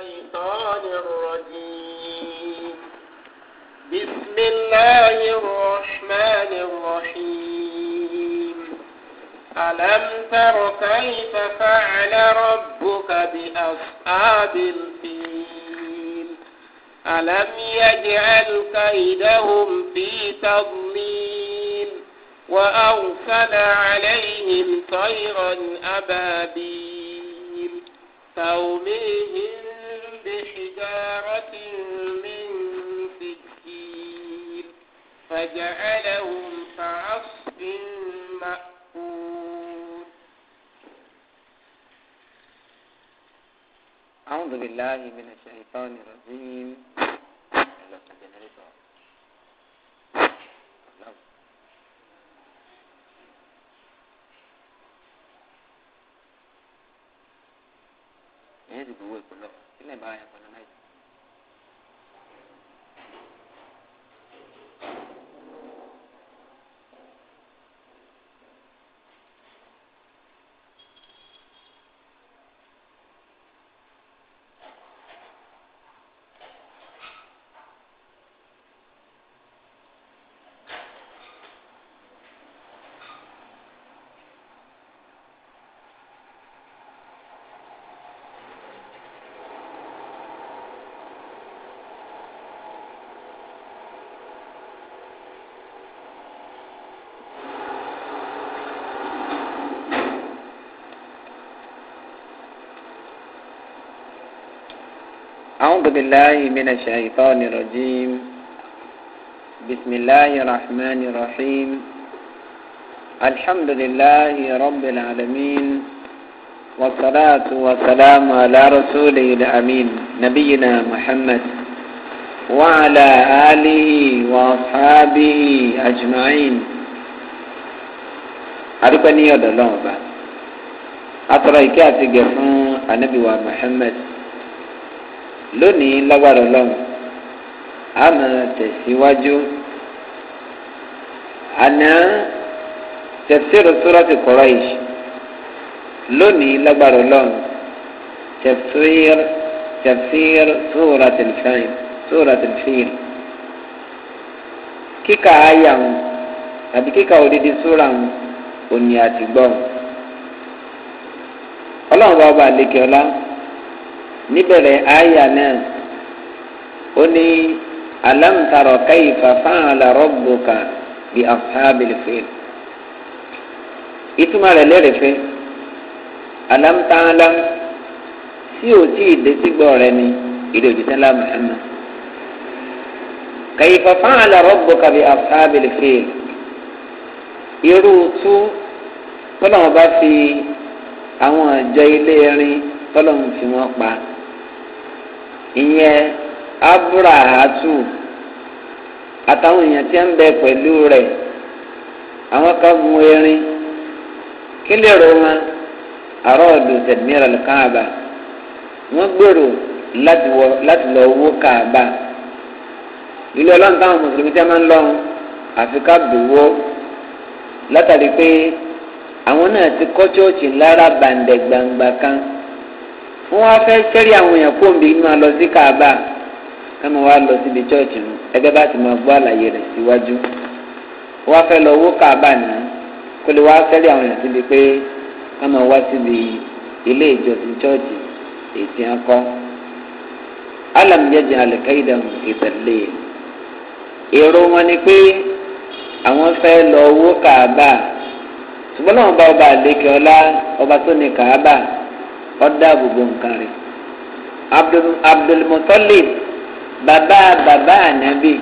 الشيطان الرجيم بسم الله الرحمن الرحيم ألم تر كيف فعل ربك بأصحاب الفيل ألم يجعل كيدهم في تضليل وأرسل عليهم طيرا أبابيل ترميهم بحجارة من سجيل فجعلهم كعصف مأكول أعوذ بالله من الشيطان الرجيم يجب नहीं बढ़ाया बोला أعوذ بالله من الشيطان الرجيم بسم الله الرحمن الرحيم الحمد لله رب العالمين والصلاة والسلام على رسوله الأمين نبينا محمد وعلى آله وأصحابه أجمعين أرقني يا الله أترى كاتب النبي محمد lónìí lágbára ọlọ́run a máa tẹ̀síwájú àná tẹ̀síro sóràtì kọ́ra yìí lónìí lágbára ọlọ́run tẹ̀sír tẹ̀sír sóràtì fìlì sóràtì fìlì kíkà áyà wọn tàbí kíkà òdìdí sóra wọn òní àtìgbọ́ ọlọ́run bá ọba àlekè ọlá níbẹ̀rẹ̀ àyà náà ó ní aláǹtarọ̀ káyìfà fáàlà rọ́gbòkà bí afábìlìfẹ́ ìtumọ̀ rẹ̀ lẹ́rẹ̀fẹ́ aláǹtàlám tí ò tí ì dé sígbọ́ rẹ ni ìdè òjìṣẹ́ láàmú ẹ̀mà kàyìfà fáàlà rọ́gbòkà bí afábìlìfẹ́ irú tú tọ́lọ́mọba fi àwọn àjọ ilé ẹrin tọ́lọ́mù fi wọ́n pa. ìyẹn aburahatu àtàwọn èèyàn tí ń bẹ pẹ̀lú rẹ̀ àwọn kan gun erin kí lè ro wọn àrò tẹ̀míra káàbà wọ́n gbèrò láti lọ owó káàbà ilé ọlọ́run táwọn mùsùlùmí tẹ́ máa ń lọ́run àfi ká dùwó látàrí pé àwọn náà ti kọ́ lára bàǹdẹ̀ gbangba kan. wọ́n wá fẹ́ kẹ́rí àwọn èèyàn kó omi inú alọ sí kaaba ẹmọ wa lọ síbi chọ́ọ̀chì nù ẹgbẹ́ bá ti máa gbọ́ àlàyé rẹ̀ síwájú wọ́n wá fẹ́ lọ wó kaaba nù kó lè wá kẹ́rí àwọn èèyàn síbi pé ẹmọ wá síbi ilé ìjọsìn chọ́ọ̀chì ètí akọ alamiyẹjẹ alikaida ìtẹlẹ èrò wọn ni pé àwọn fẹ́ lọ wó kaaba ṣùgbọ́n náà ọba ọba àdékè ọlá ọba tó ní kaaba ọdá gbogbo nǹkan rẹ̀ abdulmutalib bàbá bàbá ànábì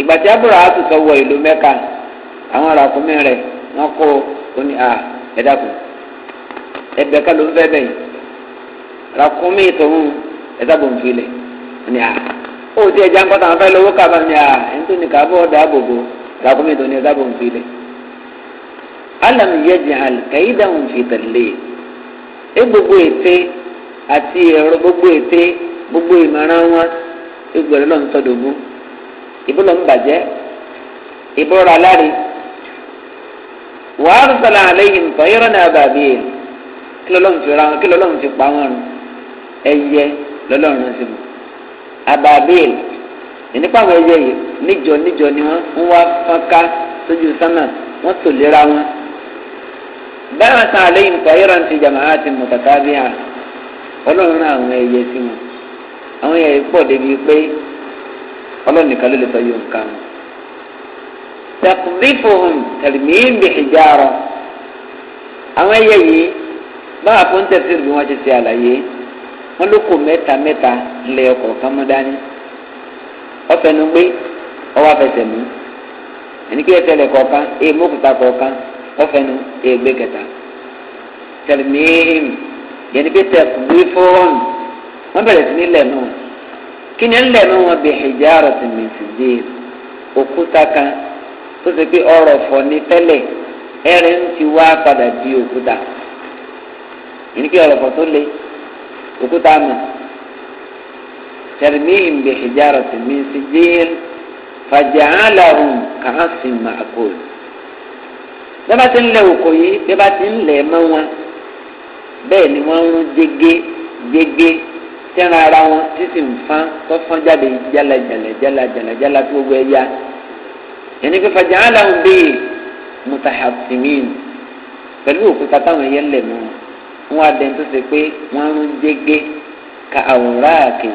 ìgbà tí abúlé àtúntò wọ ìlú mẹ́ka àwọn arákùnrin rẹ̀ wọ́n kó oní à ẹ̀dàkùn ẹgbẹ́ ká ló ń fẹ́ bẹ́yìn arákùnrin tòun ẹ̀dàkùn fìlẹ̀ oní à ó ti ẹja ń kọ́ta àwọn fẹ́ lówó kàbá ní à ẹni ní kábọ̀ ọ̀dà àbòbò arákùnrin tòun ẹ̀dàkùn fìlẹ̀ alam yẹ jẹ́ àlùkàyídà ń fi tẹ̀lé é gbogbo ète àti ẹ̀rọ gbogbo ète gbogbo ìmọ̀ràn wọn gbogbo ẹ̀rọ náà ń tọ́dọ̀gún ìbọn lọ́n bàjẹ́ ìbọn ra láre wàá rúṣọlá àlẹyìn tọ́ yẹ́rọ náà bàbí ẹ̀ kí lọ́lọ́run ti ra wọn kí lọ́lọ́run ti pa wọn ẹyẹ lọ́lọ́run ti mọ̀ àbàbíl nípa àwọn ẹyẹ yìí níjọ níjọ ni wọ́n wá fọ́nká sójú sánà wọ́n tò lera wọn. báwọn sàn àléyìn tọ́yọ̀rọ̀ ti ti mùtàtàbíà ọlọ́run náà àwọn ẹyẹ sí wọn àwọn ẹyẹ pọ̀ débi pé ọlọ́run nìkan ló lè sọ yóò nǹkan wọn. tẹkùdífòhùn Ba bí ìjárọ siri ẹyẹ yìí báwa fún tẹsí bí wọn ti ọfẹnu egbe kẹta tẹlifíìm yẹn ni bí tẹkùwé fọwọn wọn bẹ̀rẹ̀ sí ní lẹ́nu kí ni lẹ́nu wọn bí hijára ti mi ti dé òkúta kan tó ṣe pé ọ̀rọ̀ fọ ní tẹ́lẹ̀ ẹrin ti wá padà di òkúta yẹn ni kí ọ̀rọ̀ tó le òkúta mọ tẹlifíìm bí hijára ti mi ti dé fàjà áńlá hùn kàá sì máa kó bẹ́ẹ̀ bá ti ń lẹ òkò yìí bẹ́ẹ̀ bá ti ń lẹ̀ mọ́ wọn bẹ́ẹ̀ ni wọ́n ń jege jege tẹ́ran ara wọn títí nǹfan tó fọ́n jáde jala jala jala jala jala tó gbogbo ẹ̀yà ẹni pé fàjà aláwọn bíi mutahasimin pẹ̀lú òkúta táwọn ẹ̀yẹ ń lẹ̀ mọ́ wọn wọn adẹ́n tó ṣe pé wọ́n ń jege ka àwòrán àkè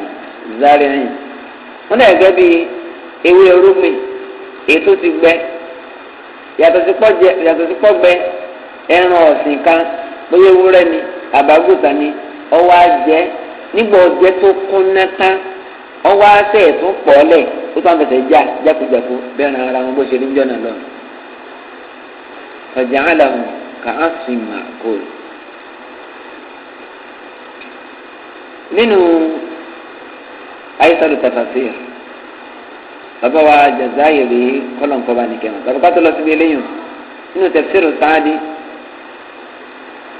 zárẹ́rìn wọn náà gẹ́gẹ́ bíi ewé orúmi èyí ti gbẹ́ yàtọ̀ sí pọ́gbẹ ẹran ọ̀sìn kan bóyá ewúrẹ́ ni àbágùtà ni ọwọ́ àjẹ́ nígbà ọjẹ́ tó kún ná tán ọwọ́ àṣẹ ẹ̀tún pọ̀ọ́lẹ̀ ó tún àfẹsẹ̀ já jákujàku bẹ́ẹ̀rẹ̀ ara wọn bó ṣe níjọ́ náà lọ. ọ̀jà àlàhùn kà á sùn mà kó. nínú àyíṣàlù tàfàṣìyà bàbá wa jazayiri kọlọ̀nkọ́ba nìkẹ́ wọn bàbá kátó lọ síbi eléyìn nínú tẹ̀síìrì sáádì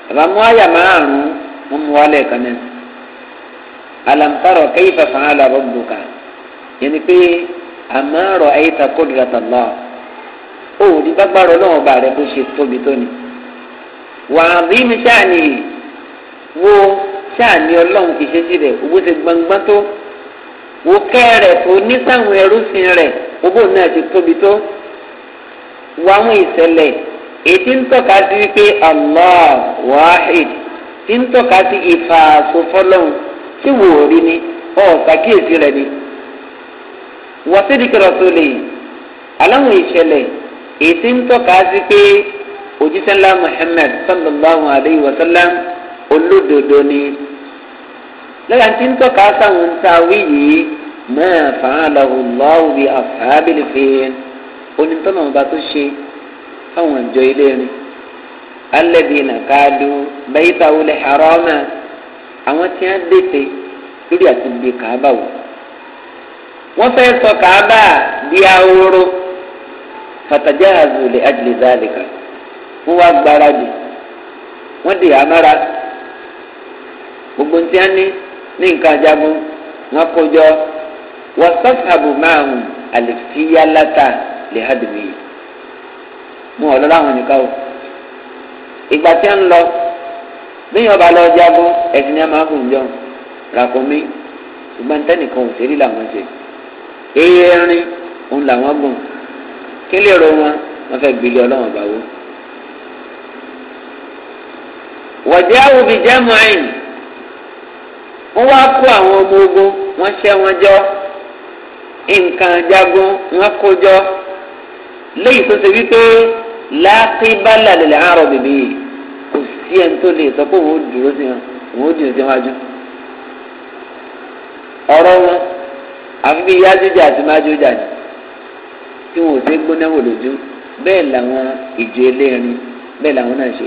bàbá mú àyà márùn-ún wọn mú wálé kan náà alamtaro kẹ́yìfà fún alàbọ̀ bùkà yẹn ni pé àmàrọ̀ ayíta kódìrátà lọ́wọ́ òòdì gbàgbọ́rọ̀ lọ́wọ́ bá rẹ bó ṣe tóbi tóni wàá bí mi sáà nìyí wo sáà ní ọlọ́run kìí ṣe sí rẹ̀ owó tó òkè rẹ̀ tó ní sáwọn ẹrúfin rẹ̀ owó náà ti tóbi tó wáwọn ìṣẹ̀lẹ̀ ètí ń tọ́ka sí wípé allah wahid ti ń tọ́ka sí ìfààsó fọlọ́hún tí wò ó rí ni ọ̀ ṣàkíyèsí rẹ̀ ni. wọ́sídìkì rọ̀tòlè aláwọn ìṣẹ̀lẹ̀ ètí ń tọ́ka sí pé òjísẹ́ńlá muhammed sallallahu alayhi wa sallam olódodo ni lọ́yà tí ń tọ́ka sáwọn sáwí yìí máa fà á lọ́wọ́ lọ́wọ́ bí àfàábìlì fèèrè onítọ́nà ọba tó ṣe fáwọn ìjọ ilé rin alẹ́bí nàkàdù bẹ́yìtà wọlé harọ́mà àwọn tí wọ́n dètè lórí àti gbé kàábà wò wọ́n fẹ́ sọ kàábà di ahoro fàtàjà àzùlẹ̀ àjùlẹ̀dá àlẹ́kà wọ́n wá gbáradì wọ́n dè amára gbogbo tí wọ́n ní ní nǹkan jagun wọn kó jọ wọn sọ́fàbù márùn àlèfíyálátà lè hàdùmí mú ọ lọ́la àwọn nìkan o ìgbà tí wọn lọ bíyàn bá lọ jagun ẹ̀sìn ní a máa gùn jọ ràkúnmí ṣùgbọ́n tẹ́nìkan ò ṣeré làwọn ṣe eré ẹrin òun làwọn gùn kí lè ro wọn wọn fẹ́ gbélé ọlọ́wọ́n bá wọ. wọ́n jẹ́ àwòbí jẹ́ mọ́ ẹ̀yìn. wọ́n wá kó àwọn ọmọ ogun wọ́n ṣẹ́ wọn jọ nǹkan jagun wọ́n kó jọ léyìí tó ṣe wípé láàpébálà lè àárọ̀ bèbè kò sí ẹni tó lè sọ pé òun ó dúró sí wọn òun ó dìrò sí wájú. ọ̀rọ̀ wọn àfi bí yájújà àti májújà ni tí wọn ò sí gbóná wò lójú bẹ́ẹ̀ làwọn ìjọ bẹ́ẹ̀ làwọn náà ṣe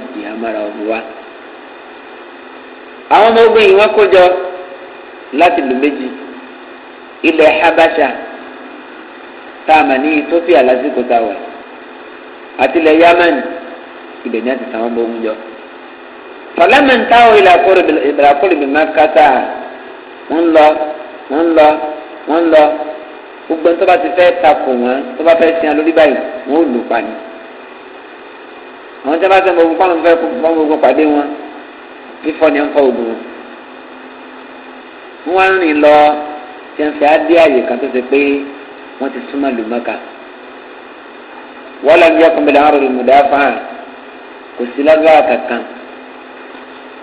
àwọn ọmọ ogun yìí wọ́n láti lu méjì ilẹ̀ habasha tá a mà ní ethiopia lásìkò tá a wà àti ilẹ̀ yaman ibẹ̀ ní àti sàwọn bó ń jọ fọlẹ́mẹ̀ntà ò ilẹ̀ àkórè bí má kásá ń lọ ń lọ ń lọ gbogbo tó bá ti fẹ́ takò wọn tó bá fẹ́ sin alórí báyìí wọn ò lù pa àwọn tí wọn bá sọ gbogbo kọ́nà fẹ́ gbogbo pàdé wọn fífọ́ ni wọn fọ́ ogun wọn wá ń lọ tí wọ́n fi adé àyè kan tó ṣe pé ti súnmọ́ ìlú mẹ́ka wọ́n lọ bí ọkùnrin làwọn rògbò kò sí lágbára kankan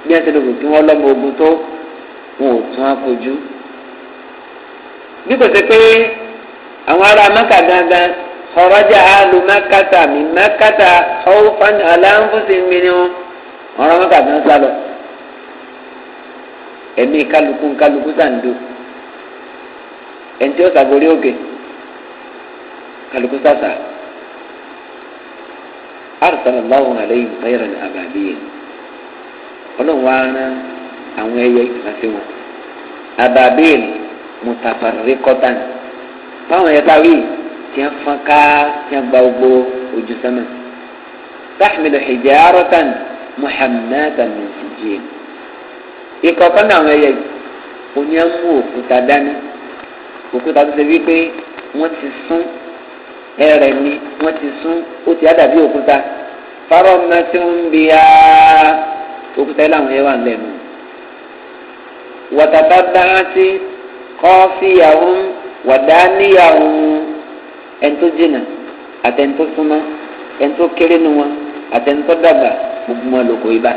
bí wọ́n ti lò ogun tó wọn ò tún á bí kò pé àwọn ará mi ẹ̀mí kálukú kálukú sàǹdó ẹ̀ǹtí ọ̀sà gorí òkè kálukú sàṣà arsalallahu alayhi khayran abadiyya ọlọ́run wa rán àwọn ẹyẹ ìfàsẹ́ wọn ababil mutafarriqatan báwọn ẹ̀ka wí tí wọ́n fọ́n ká tí wọ́n gba gbogbo ojú sánmà tahmilu hijaratan muhammadu min sijil ìkọ̀kan náà àwọn ẹyẹ yìí oní ẹ̀ ń mú òkúta dání òkúta tó ṣe wípé wọ́n ti sún ẹrẹ̀ ni wọ́n ti sún ó ti dàbí òkúta fárọ̀ náà tí ń bi á òkúta yìí làwọn ẹyẹ wà lẹ́nu. wàtàtà dáhàtì kọ́fíyàwó wàdáníyàwó ẹ̀ńtó jìnnà àtẹ̀ńtó súnmọ́ ẹ̀ńtó kéré nu wọn àtẹ̀ńtó dàgbà gbogbo wọn lóko ibà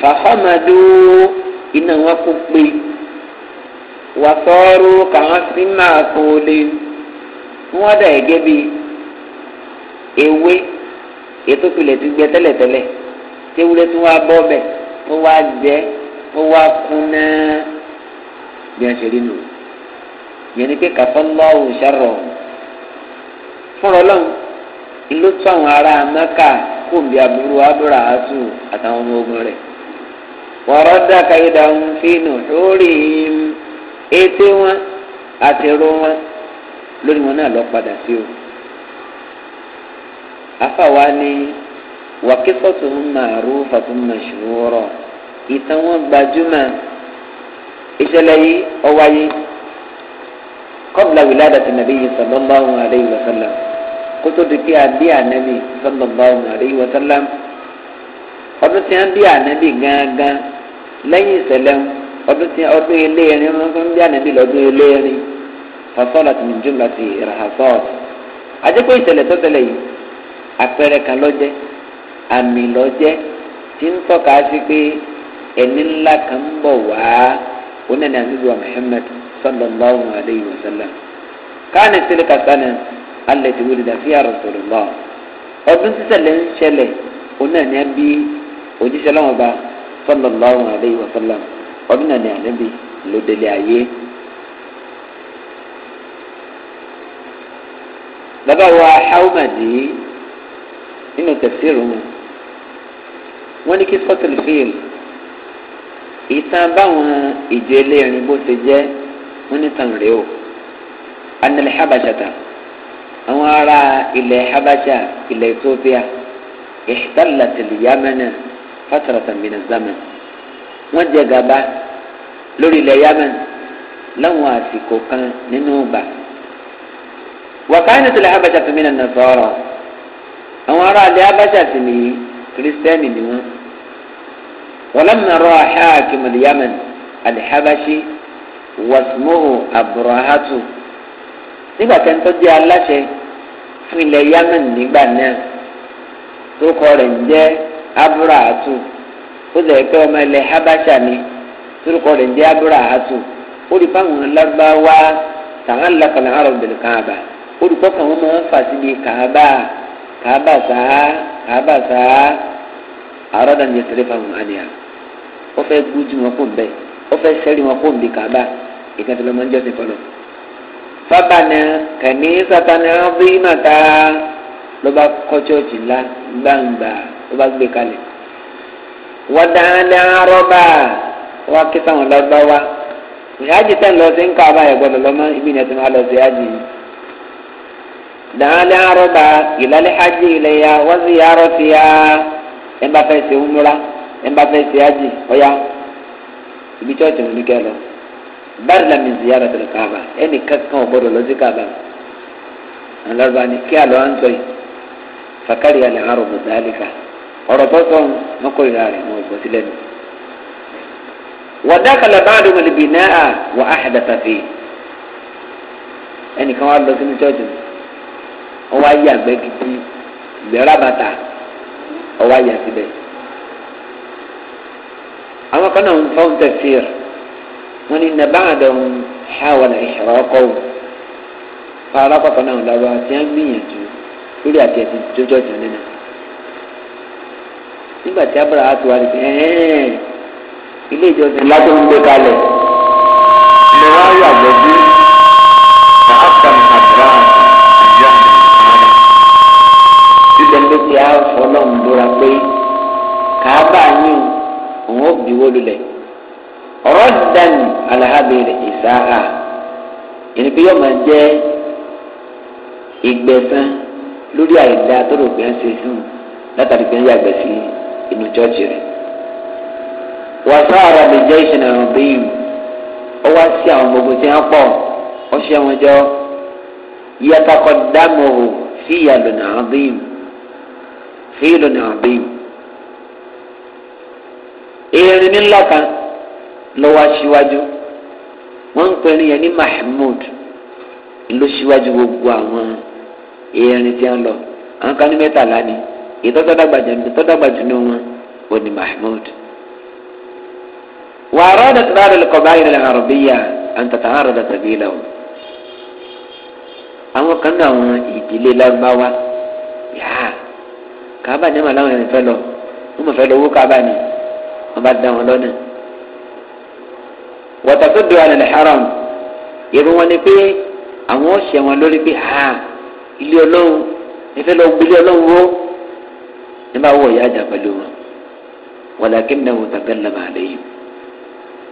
fàfàmàdó iná wọn kò pé wàtọ́rù káwọn sí máa kó lé wọn dà gẹ́gẹ́ bí ewé ètò ìpìlẹ̀ ti gbẹ tẹ́lẹ̀tẹ́lẹ̀ tewúrẹ́ tí wọ́n á bọ́ bẹ̀ wọ́n wá jẹ́ wọ́n wá kún náà bí wọ́n ṣe rí nù yẹn ni pé kàfọ́nlọ́wù ṣàrọ̀ fúnra ọlọ́run ìlú tó àwọn ará amáka kò bí aburú abúrà àtù àtàwọn ọmọ ogun rẹ̀ wọ́rọ́dà kàyídà ń fi nùhórí ètè wọn àti ro wọn lórí wọn náà lọ padà sí o. afáwa ni wàkísọ́tù ń máa rú fàtún màṣúwọ́rọ̀ ìtàn wọn gbajúmọ̀ ìṣẹ̀lẹ̀ yìí ọwáyé kọ́bùlà wìládà tí nàbí yìí sọ̀dọ̀ bá wọn àdéhùn wàsálàm kótó di pé àbí ànábì sọ̀dọ̀ bá wọn àdéhùn wàsálàm. ọdún tí bí ànábì gángan lẹ́yìn ìṣẹ̀lẹ̀ ọdún ọdún eléyẹrin wọn bí ànábì lọ́dún eléyẹrin fasọlá ati ní jùmọ ti rahasọọt àdékò ìṣẹ̀lẹ̀ tó yìí àpẹẹrẹ kan lọjẹ àmì lọjẹ tí ń tọ́ka sí pé ẹni ńlá kan ń bọ̀ wá onínáà muhammed wa sallam káàní alẹ́ ti wúlò dàfíà ọdún ń ṣẹlẹ̀ onínáà ní òjíṣẹ́ lọ́wọ́ bá sallallahu alayhi wa sallam ọdún náà ní ànábì ló délé ayé. bàbá wa haumadi nínú tẹ̀síìrù mu wọ́n ní kí sọ́tìlì fíìlì ìtàn báwọn ìjọ eléyìí bó ṣe jẹ́ wọ́n ní tàn rèé o anilẹ̀ habashata àwọn ará ilẹ̀ habasha ilẹ̀ ethiopia ìṣtàlá tìlì fataratan min zaman wọ́n jẹ gàba lórí ilẹ̀ yemen láwọn àsìkò kan nínú ìgbà wàkàní tilẹ̀ abájá tó mìíràn náà sọ̀rọ̀ àwọn ará ilẹ̀ abájá sì nìyí kírísítẹ́nì ni wọ́n wàlámìnà rọ àhàkìm yemen alihabashi wasmuhu aburahatu nígbà tẹ́ ń tọ́jú aláṣẹ fún ilẹ̀ yemen nígbà náà tó kọ́ rẹ̀ ń jẹ́ abúràhátù ó sì rẹ̀ pé ele habasha ni ndị rẹ̀ ń jẹ́ abúràhátù ó rí wọn máa ń fà síbi káàbà káàbà sáá káàbà sáá àrọ́dà ní ìṣẹ̀lẹ̀ fáwọn àníyàn ó fẹ́ gbójú wọn ha bẹ́ẹ̀ ó fẹ́ sẹ́rí wọn kó bí káàbà ìkàtí lọ́mọ ń jọ́ sí fọlọ́ fábànà kàní sátánà ló bá gbé kalẹ̀. wọ́n dáadáa rọ́bà wá kí sáwọn lọ́gbàwá ìhájì tẹ̀ ń lọ sí ń ká abáyẹ̀ gbọ́dọ̀ lọ́mọ ibi ni ẹ̀sìn máa lọ sí ìhájì yìí. dáadáa rọ́bà ìlàlẹ́ hajj ilẹ̀ ya wọ́n sì yà rọ́ sí ya ẹ̀ bá fẹ́ ṣe umura ẹ̀ bá fẹ́ ṣe hajj ọ̀ya ibi tí wọ́n ti wù ní kẹ́ lọ bari la min ziyara tẹlẹ kaaba ẹni kankan o gbọdọ lọsi kaaba alaba ni kí alọ an sọ yìí fakari alẹ arọ bọ zaalika ọ̀rọ̀ tó sọ wọn kò ìlà rẹ̀ mọ ìbọn sílẹ̀ nù. wàdákàlà báàdù mọ̀lẹ́bí náà wà á ṣàdàtà fi ẹnìkan wà lọ sínú chọ́ọ̀chì ọwọ́ ayé àgbẹ̀ gidi ìgbẹ́rà bàtà ọwọ́ ayé àtibẹ̀. àwọn kan náà ń fọ́n tẹ̀síìr wọn ni nàbàdàn ṣáwọn ọkọ̀ wọn náà lọ́wọ́ nígbà tí abraha ti wá ní ẹ̀ẹ́n ilé ìjọsìn ńlá tó ń gbé kalẹ̀ lè wá rí àjọ̀dún na afghan abraha àjọ àmàlà síbẹ̀ ló ti á fọlọ́run lóra pé kàábà yín òun ó bí wó lulẹ̀ ọ̀rọ̀ dání alahabere ìsáhà ẹni yóò máa jẹ́ ìgbẹ̀sán lórí àìdá tó rò pé ń ṣe sùn látàrí pé ń yàgbẹ́ sí i. inú chọ́ọ̀chì Wasaara wàsá ara lè jẹ́ ìṣẹ̀lẹ̀ ó wá sí àwọn gbogbo tí wọ́n pọ̀ ó ṣe wọn jọ yàtọ̀kọ̀ dámọ̀ ò sí ìyàlùnà ọ̀bìn sí ìlùnà ọ̀bìn erin ńlá kan ló wá síwájú wọ́n ń ya yẹn ní mahmood ló síwájú gbogbo àwọn erin tí wọ́n lọ àwọn kan ní ni. ìtọ́tọ́dàgbà jùlọ wọn òní mahmud. wàrà ọ̀dà tó dáadọ̀ lẹ́kọ̀ọ́ báyìí lẹ́la àrùbíyà àǹtàtà àrùdà tàbí ilà o. àwọn kan náà àwọn ìdílé lárúbáwá yáa kàábà ní màlá wọn fẹ́ lọ wọn mọ̀ fẹ́ lọ owó kàábà ni wọn bá dá wọn lọ́nà. wàtàkùdù àlẹ́ haram ìrún wọn ni pé àwọn ọ̀sẹ̀ wọn lórí pé ha ilé ọlọ́run ẹ fẹ́ lọ gbélé ọlọ́run wó ní bá wọ̀ ìyá àjà pẹ̀lú wọn wàlàkì mẹ́wò tàgẹ́lẹ́mà àlẹ́yìn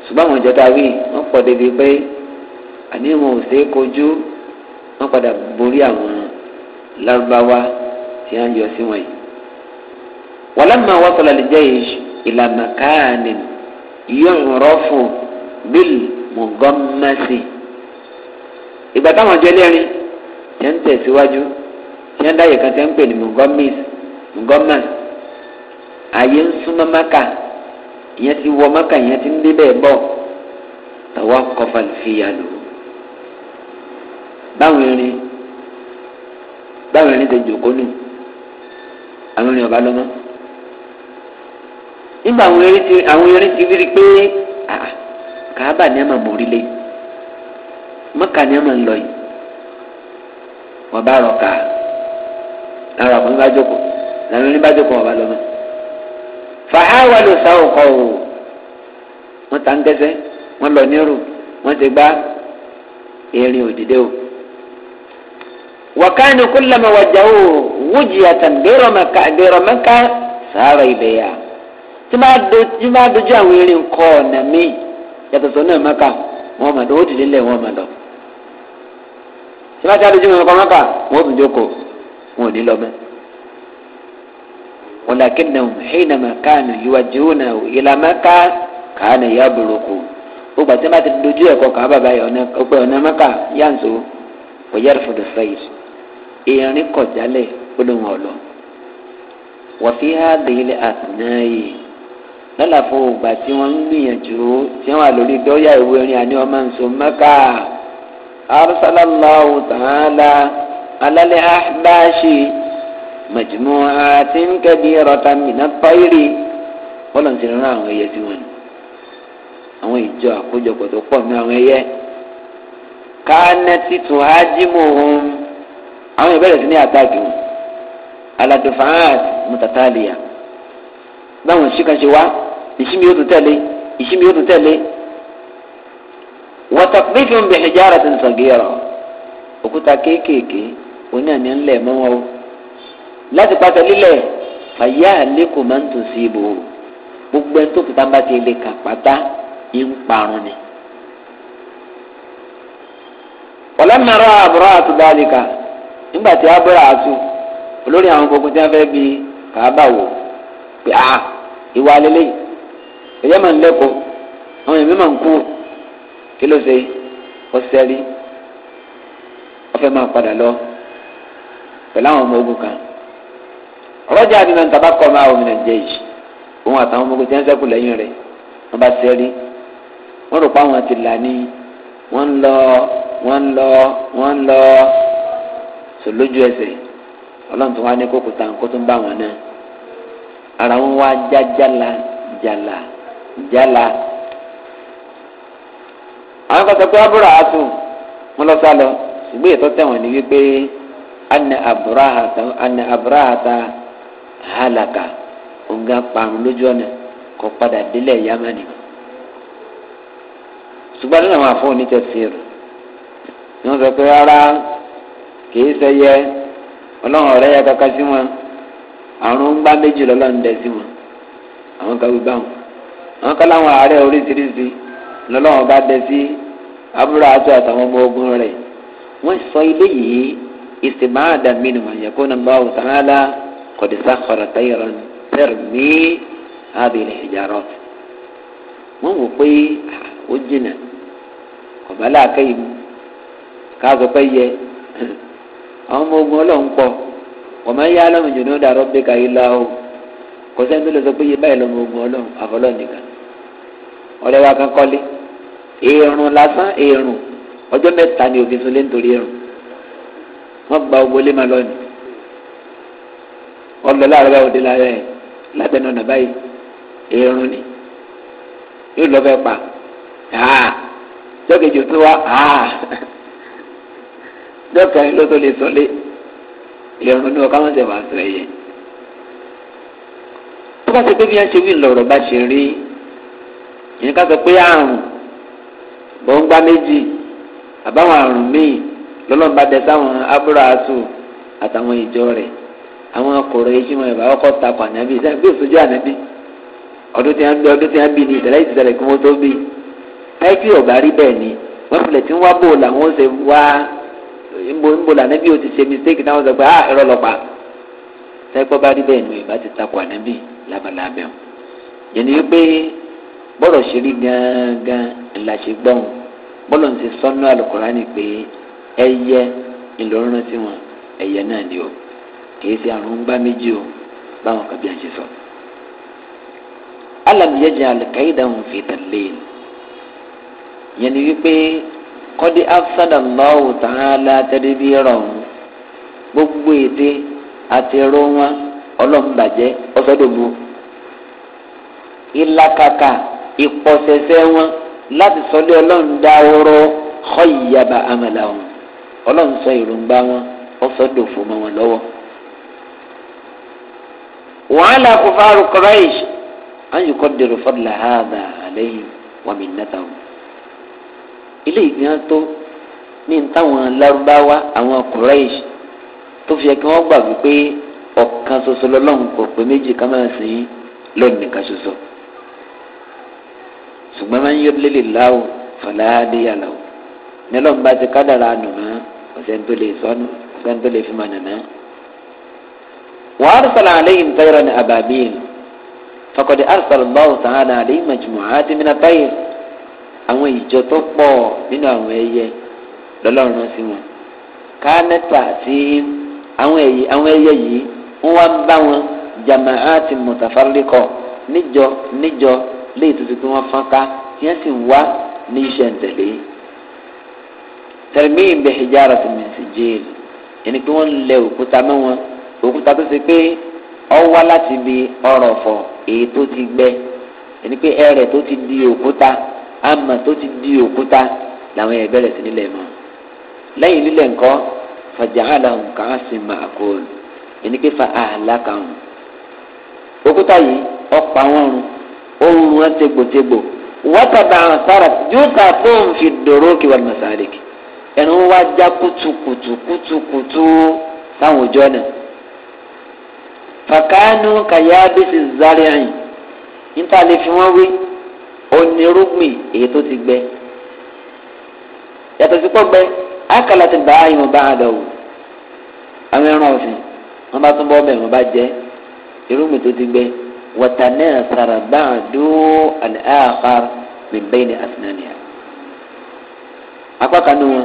ṣùgbọ́n àwọn ìjọba wí wọ́n pọ̀ débi pé àní wọn ò ṣeé kojú wọ́n padà borí àwọn lárúbáwá tí wọ́n yọ sí wọn yìí. wàlámà wọ́n sọ̀rọ̀ lè jẹ́ ìlànà káàní yóò rọ́fù bíl mọ̀gọ́mẹ́sì. ìgbà táwọn ọjọ́ ẹlẹ́rìn tí wọ́n tẹ̀síwájú tí wọ́n dáyẹ̀ kan tí ń pè ní mọ̀gọ́mẹ́sì gọ́mà ààyè ń súnmọ́ maka ìyẹn ti wọ maka ìyẹn ti ń débẹ̀ bọ̀ tàwa kọfà fìyà lò báwọn irin báwọn irin ti jòkó nù àwọn irin ọba lọ́mọ́ nígbà àwọn irin ti àwọn irin ti rí pé kàábà ni ẹ máa mọ orílẹ̀ mọ́kà ni ẹ máa lọ yìí wọ́n bá rọ̀ ká ara ọ̀gbìn bá jókòó lànà oníbàjọpọ̀ ọba lọ́mọ. fàháwà ló sá òkò o wọ́n ta ń tẹ́sẹ́ wọ́n lọ nírù wọ́n ti gbá erin òdìdé o. wàkàní kúlẹ̀mọ wàjà o wújì àtàndéròmẹ́ká sàárà ìbẹ̀yà tí máa dojú àwọn erin kọ́ ọ̀nà míì yàtọ̀ sọ́nà mẹ́ka wọ́n mọ̀ tó ó dìde lẹ̀ wọ́n mọ̀ lọ tí ti adójú mi kọ́ mọ́kà wọ́n tún jókòó wọn ò ní lọ bẹ́ẹ̀ walakinnahum hinama kanu yuwajjihunahu ila Makkah kana yabruku ó gbà tí wọ́n bá ti dojú ẹ̀kọ́ kàá bàbá yẹ ọ̀nà ọ̀pẹ ọ̀nà Makkah yáǹso kò yára fọdọ̀ fẹ́yìí ìrìn kọjálẹ̀ olóhùn ọ̀lọ́ wọ́n fi há délé àtúnáyè lálàfo ògbà tí wọ́n ń gbìyànjú tí wọ́n wà lórí dọ́yà ìwé orin àní ọmọ nsọ Makkah arsalallahu ta'ala alálẹ́ ahbashi. majmu'atin kabiratan min at-tayri ti rán àwọn ẹyẹ sí wọn ni àwọn ìjọ àkójọpọ̀ tó pọ̀ ní àwọn ẹyẹ kánẹ́tì tún ájímù ohun àwọn ìbẹ̀rẹ̀ sí ní àtàkùn aladufa'at mutataliya báwọn ṣìkan ṣe wá ìṣími yóò tún tẹ̀lé ìṣími yóò láti pàṣẹ lílẹ̀ fàyà àlékò máa ń tò sí ibò gbogbo ẹni tó kìtà bá ti lè kà pátá ń parun ni. ọ̀lẹ́mẹ̀rọ àbúrò àtúbálẹ̀ka nígbà tí abúrò àtú olórí àwọn gbogbo tí wọ́n fẹ́ bí kàábà wò pé a ìwà lélẹ́yìn ẹ̀yẹ́ máa ń lẹ́kọ̀ọ́ àwọn èmi máa ń kú kí ló ṣe ọ̀sẹ̀ rí ọ̀fẹ́ máa padà lọ pẹ̀lú àwọn ọmọ ogun kan. rọ́jà àti náà tàbá kọ́ máa omi nàìjíríà òun àtàwọn ọmọ ogun tí wọ́n sẹ́kù lẹ́yìn rẹ̀ wọ́n bá sẹ́rí wọ́n rò pa àwọn là ní ń lọ ń lọ ń lọ sọ lójú tó wá ní kókò ara wọn wá já jàlá jàlá jàlá àwọn ana abúlé àtà halaka ònga parun lójú ọ̀nà kò padà délẹ̀ yamani ṣùgbọ́n nínú àwọn afọ́ onítẹ̀síìrì ni wọ́n sọ pé rárá kìí sẹ́yẹ ọlọ́run ọ̀rẹ́ yà kaka sí wọn àrùn ńgbà méjì lọ́lọ́run dẹ̀ sí wọn àwọn kan báwọn àwọn láwọn ààrẹ oríṣiríṣi lọ́lọ́run bá dẹ̀ sí abúlé àtàwọn ọmọ ogun rẹ̀ wọ́n sọ ilé yìí ìsìnmáàdà قد سخر طيرا ترمي هذه الحجارات wọ́n wò pé ah, ó jìnà ọ̀bálà kẹ́yìn káàzọ pé yẹ àwọn ọmọ ogun ọlọ́run pọ̀ wọ́n máa ń yá aláwọn jùlọ dàrọ́ bí ká ilá o kò sẹ́ni tó lè sọ pé yẹ báyìí lọ́mọ ogun ọlọ́run àfọlọ́ nìkan ọ̀rẹ́ kan kọ́lé èèrùn lásán èèrùn ọjọ́ mẹ́ta ni òfin sunlé nítorí èèrùn wọ́n gba ogun lé ma lọ́nìí ọlọ láàárọ̀ báwo dé láàárọ̀ yẹn lábẹ́nu ọ̀nà báyìí irun ni yóò lọ fẹ́ pa jọ́kejì tó wá jọ́kẹ́rin ló tó lè sọlé irun ni ọ̀ká wọn ṣe wà sọ ẹ̀yẹ. tó bá ṣe pé bí wọ́n ṣe wí lọ̀rọ̀ bá ṣe rí yẹn ká sọ pé àrùn bọ̀ǹgbà méjì àbáwọn àrùn míì lọ́lọ́mbà dẹ sáwọn abúlé àásù àtàwọn ìjọ rẹ̀ àwọn akọ̀rọ̀ yìí wọn ìbá ọkọ̀ takọ̀ ànábì sáà bí òṣojú ànábì ọdún tí wọn bí ọdún tí wọn bí ní ìṣẹ̀lẹ̀ ìṣẹ̀lẹ̀ kí wọn tó bí táìpì ọ̀gá rí bẹ́ẹ̀ ni wọn filẹ̀ tí ń bò làwọn ó ṣe wá ńbò lànábì ó ti ṣe mistake náà wọn sọ pé ah ẹ̀rọ lọ́pàá táìpì ọba rí bẹ́ẹ̀ ni ìbá ti takọ̀ ànábì lábalábẹ́ wọn yẹni wípé bọ́rọ̀ ṣe rí gangan ńlá ṣe gbọ́n bọ́lọ̀ ń ṣe sọ́nú àlùkòrá ni pé ẹyẹ ìlọrin sí wọn ẹyẹ náà ni o kìí ṣe àrùn ń bá méjì o báwọn kan bí a ṣe sọ. alamiyẹjẹ alikaida ń fi tẹ̀lé e yẹn ni wípé kọ́dí afsada lọ́wọ́ tààlà tẹ́lẹ́bí rọ̀ ń gbogbo ète àti ẹ̀rọ wọn ọlọ́mbàjẹ́ ọ̀sọ́dọ̀gbò ìlàkàkà ìpọ̀sẹ̀sẹ̀ wọn láti sọlé ọlọ́run dáwọ́rọ́ xọ́yìyàbà àmàlà ọlọ́run sọ èròǹgbà wọn ọ̀sọ́dọ̀fọ̀ mọ́ wọn lọ́wọ́ wàhálà kófàrú kọ́ráìṣ àyè kọ́ dèrò fọ́dùlà hàdà àlẹ́yìn wàmí nàtàwọ̀. ilé ìgbìyàn tó ní táwọn lárúbáwá àwọn kọ́ráìṣ tó fi yẹ kí wọ́n gbà wípé ọ̀kan ṣoṣo lọ́lọ́run kò pé méjì ká máa sìn lọ́ọ̀nì kan ṣoṣo. ṣùgbọ́n máa ń yọ lélẹ̀ láwù fọlá adéyà láwù nílọ́ọ̀ bá ti kádàrà ànùmá ọ̀sẹ̀ ń tó lè fi máa nàná. وأرسل عليهم طيرا أبابيل فقد أرسل الله تعالى عليهم مجموعات من الطير àwọn ìjọ tó pọ̀ nínú àwọn ẹyẹ lọ́lọ́run sí wọn kánẹ́tà tí àwọn ẹyẹ yìí wọ́n wá ń bá wọn jamaati mutafarikọ níjọ níjọ léyìí tuntun tí wọ́n fọ́nká tí wọ́n sì wá ní iṣẹ́ tẹ̀lé mi jéèlì ẹni pé wọ́n lẹ òkúta mọ́ wọn. òkúta tó ṣe pé ọ wá láti bi ọrọ̀ fọ̀ èyí tó ti gbẹ ẹni pé ẹrẹ̀ tó ti di òkúta àmà tó ti di òkúta làwọn yẹn bẹ̀rẹ̀ sí nílẹ̀ mọ́ lẹ́yìn nílẹ̀ ńkọ́ fàjáhàlà nǹkan á sì máa kó o ẹni pé fa àhàlà kan òkúta yìí ọ̀pá wọn rùn oorun wọn tegbòtegbò wọ́tàbà àǹsára júùtà tó ń fi dòró kí wọ́n mọ̀ sáré kí ẹnu wá já kùtùkùtù kùtùkùtù sáwọn òjò náà fàkánù kàyábísì zariayin níta lè fi wọ́n wí onírúgbìn èyí tó ti gbẹ yàtọ̀ sí pọ̀ gbẹ akala ti bá àyìn ọba àdàwò àwọn ẹran ọ̀sìn wọn bá tún bọ́ bẹ́ẹ̀ wọn bá jẹ́ irúgbìn tó ti gbẹ wọ́tà náà sara báàdó àlàáfàr mìbẹ́yìn ní asinania wọn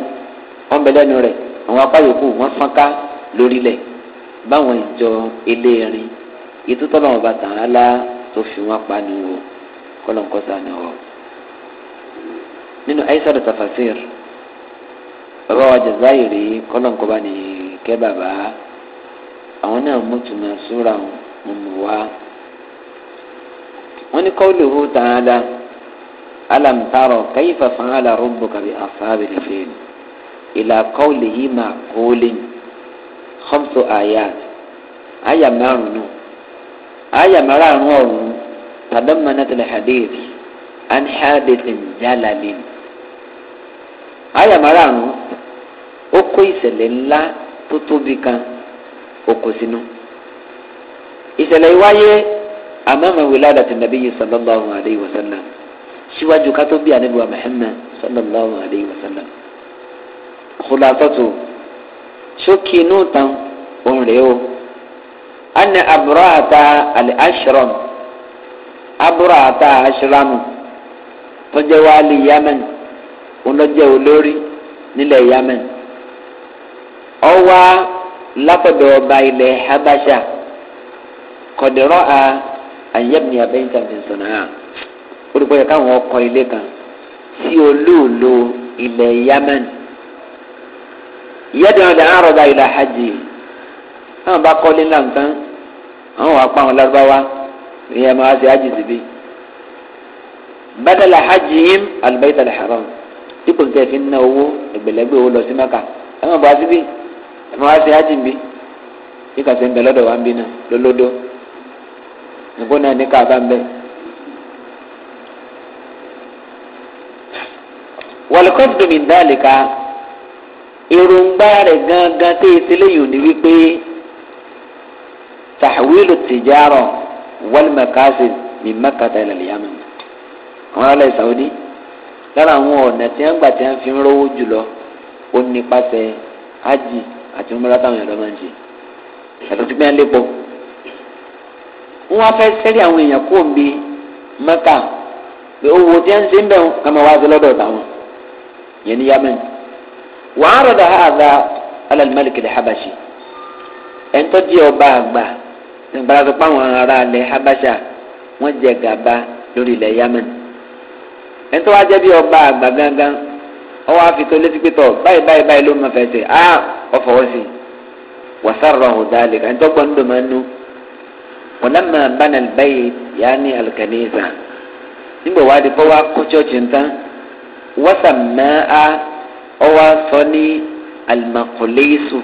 wọn bẹ lẹ́nu rẹ̀ àwọn apá yòókù wọn fọ́nká lórílẹ̀ báwọn ìjọ eléyẹrin ètò tọ́lọ́wọ́n bá tàn án lá tó fi wọn pa ni o kọ́lọ́nkọ́sá ni o. nínú aisadu tafasir bàbá wa jazairi kọ́lọ́nkọ́ba ni kẹ́ bàbá àwọn náà mọ̀túnmá súra mọ̀mọ́ wa. wọ́n ní kọ́ọ̀lù hù tàn án lá kẹ́yìn fàfàn àlà rúbùkà bí asábìlì fèèlì ìlà kọ́ọ̀lù yìí máa kọ́ọ̀lù yìí hamsu ayat aya márùn-ún aya márùn-ún ọ̀run tadammanat al-hadith an hadithin jalalin aya márùn-ún ó kó ìṣẹ̀lẹ̀ ńlá tó tóbi kan ó kó sínú ìṣẹ̀lẹ̀ ìwáyé àmọ́mọ́ wíládà tí nàbí yìí sallallahu alayhi wa sallam síwájú ká bí ànábì wa muhammad sallallahu alayhi wa sallam sókè inú tán òun rèé o ana aburata ali ashram aburata ashram tó jẹ́ wàhálì yemen òun ló jẹ́ olórí nílẹ̀ yemen ọwá látọ̀dọ̀ ọba ilẹ̀ habasha kọ̀dọ̀rọ̀ a ayẹ́bìnrin abẹ́yìntà fi sọ̀nà hàn ó káwọn ọkọ̀ ilé kan sí olóòlò ilẹ̀ yemen yẹ́dìrán ọ̀dà àròdà ìlà hajj táwọn bá kọ́lé ńlá nǹkan àwọn wàá pa àwọn lárúbáwá ìyẹn máa ṣe hajj síbí bàtàlà hajj yín alùbáyìtàlà haram dípò nǹkan ẹ̀fín ná owó ẹgbẹ̀lẹ́gbẹ̀ owó lọ sí mẹ́ka ẹ máa bọ̀ á ẹ máa ṣe hajj nbí bí kàṣẹ ń bẹ lọ́dọ̀ wa ń bí náà lólódó nǹkan náà ní káàbá ń bẹ. wàlúkọ́ èròǹgbà rẹ̀ gangan tó yẹ sílẹ̀ yìí ni wípé tàwílù tìjárọ̀ wàlmẹ̀kásì ní mẹ́kàtà ìlàlẹ̀ yàmẹ̀ àwọn ará ìsàwọ́dí lára àwọn ọ̀nà tí wọ́n gbà tí wọ́n fi ń rówó jùlọ ó nípasẹ̀ hajj àti múra táwọn èèyàn lọ máa ń ṣe ẹ̀tọ́ ti gbé ń lépo wọ́n fẹ́ sẹ́rí àwọn èèyàn kó ń bi mẹ́kà pé owó tí wọ́n ń ṣe ń bẹ̀ wọn kàmá wá sí lọ́dọ̀ táwọn yẹn ní yàmẹ̀ وعرض هذا على الملك الحبشي ẹni tó jẹ́ ọba àgbà nígbà tó pa àwọn ará ilẹ̀ habasha wọ́n jẹ gàba lórí ilẹ̀ yemen ẹni tó wá jẹ́ bí ọba àgbà gangan ọwọ́ àfitó létí pétọ́ báyìí báyìí báyìí ló máa fẹ́ ṣe á ọ̀fọ̀wọ́ sí i wàsàrọ̀ ọ̀dàlẹ̀ ẹni tó gbọ́n dùn máa nú wọn náà máa bá nà báyìí yá ní alkanisa nígbà wá di kọ́ wá kó chọ́ọ̀chì ń tán wọ́sà mẹ́a ọwọ́ sọ ní alimakoleisu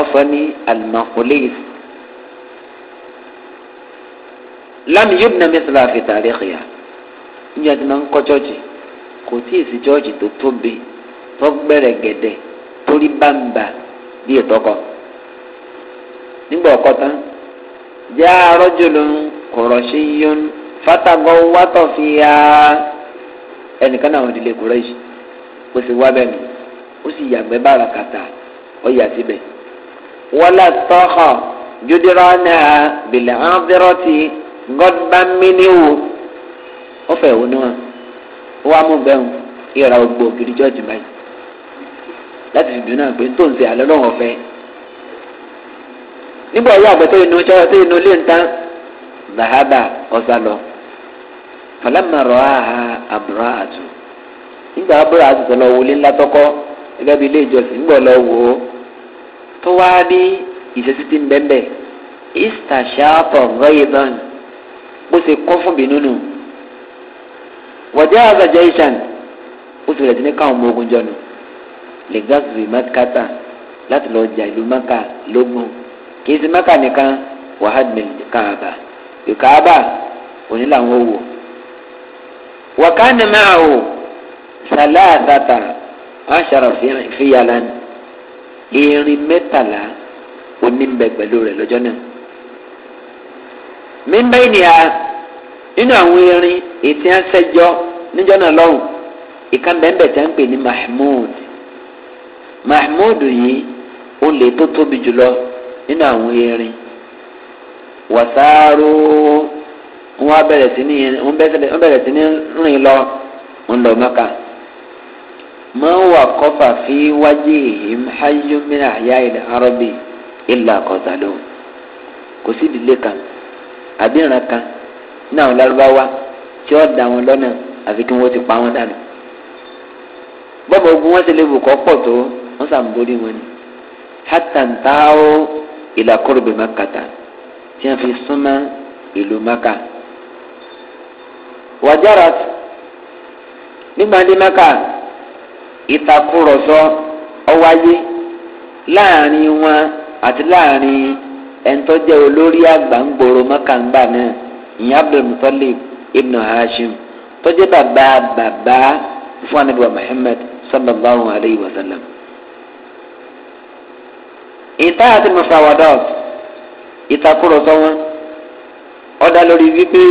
ọsọ ní alimakoleisu lami yóò bìnnà mẹsàlá àfi tàríkì yá ní ọdún máa ń kọ́ jọ́ọ̀jì kò tí ì sí jọ́ọ̀jì tó tóbi tó gbẹ̀rẹ̀ gẹ̀dẹ̀ torí bàǹbà bí ìtọ́kọ nígbà ọkọ tán jẹ́ àrọ́jò ló ń kọ̀rọ̀ ṣe yíyún fatagọ́ wátọ̀ fi ya ẹnìkan náà wọn ìdílé kúrẹ́ yìí pèsè wá bẹ́ẹ̀ ni ó sì yàgbẹ́ bára kàtà ó yà síbẹ̀. wọ́lá tọ́kọ̀ jùdírọ́ náà bìlẹ̀ hàn dírọ́ ti gọ́dbà mínìwò ó fẹ̀ wọ́n náà ó wá mú bẹ́ẹ̀ ìra ogbó ògiri jọ́ọ̀jì báyìí láti fi dùn náà pé tó ń ṣe àlọ́ lọ́wọ́ fẹ́. nígbà yóò àgbẹ̀ tó inú ṣọ́ọ́ tó inú ilé ń tán zahaba ọ̀sán àhà àbúrò àtún nígbà abúlé àtúntò lọ wọlé ńlá tọkọ gẹ́gẹ́ bí ilé ìjọsìn ńgbọ̀ lọ wò ó tó wá ní ìṣesí ti ń bẹ́ńbẹ́ ìsìtàṣàpọ̀ rẹ́yìnbọn bó ṣe kọ́ fún bínú nù wọ́dí àgbàjẹ́ ìṣàn ó ti rẹ̀ sí ní káwọn ọmọ ogun jọnu lè gáàsì mẹ́kàtà láti lọ jà ìlú mẹ́kà lógún kì í sí mẹ́kà nìkan wàhálà kààbà ìkààbà òní làwọn ò wọ̀ká ni máa wò. sàlàdàtà àṣàrà fìyàlà irin mẹ́tàlá onímbẹ pẹ̀lú rẹ̀ lọ́jọ́ náà. mímbẹ́ ènìyà nínú àwọn irin ètí à ń náà lọ́hùn ìkànnbẹ́ńbẹ̀ tí a ń pè ní mahmood mahmood yìí ó lè tó tóbi jùlọ nínú àwọn irin wàsáárò wọn bẹ̀rẹ̀ sí ní rìn lọ máa ń wà kọ́fà fi wájú ìhìm hayomina àyà ilẹ̀ arọ́bì ìlà kọ̀tàlóhùn kò sí ìdílé kan àbí ìran kan ní àwọn lárúbáwá tí ó da wọn lọ́nà àfi kí wọ́n ti pa wọn dànù bọ́ọ̀bù ogun wọn ti lè wò kọ́ pọ̀ tó wọ́n sàmúborí wọn ni hátàntáwó ìlà mákàtà tí wọ́n fi súnmọ́ ìlú mákà wàjára nígbà ní mákà. ìtakùrọ̀sọ ọwáyé láàrin wọn àti láàrin ẹ̀ńtọ́jẹ́ olórí àgbà ń náà ìyá abdulmutalib ibn hashim tọ́jú bàbá bàbá fún anabiwa muhammed sallallahu alayhi wa sallam. ìta àti musawadọ́t ìtakùrọ̀sọ wọn ọ̀dà lórí wípé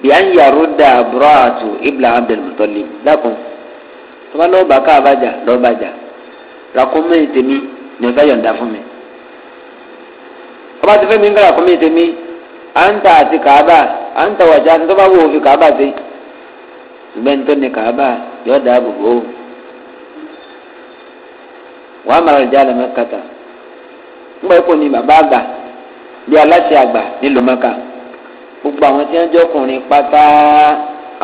bí a ń yàrá àtò ibn tọ́ba lọ́ọ́ bá ká abájà lọ́ọ́ bájà ràkúnmí tèmi ní ọ̀fẹ́ yọ̀ǹda fún mi. ọba ti fẹ́ mi ń ká ràkúnmí tèmi à ń àti kàábà à wàjà àti tọ́ba wo òfin kàábà sí. ṣùgbọ́n tó ní kàábà yọ̀ dà bùbó. wàá mara ìjà lọ mẹ́kàtà. ń bọ̀ ipò ni bàbá àgbà bí aláṣẹ àgbà nílùú mẹ́kà. gbogbo àwọn tí wọ́n jẹ́ ọkùnrin pátá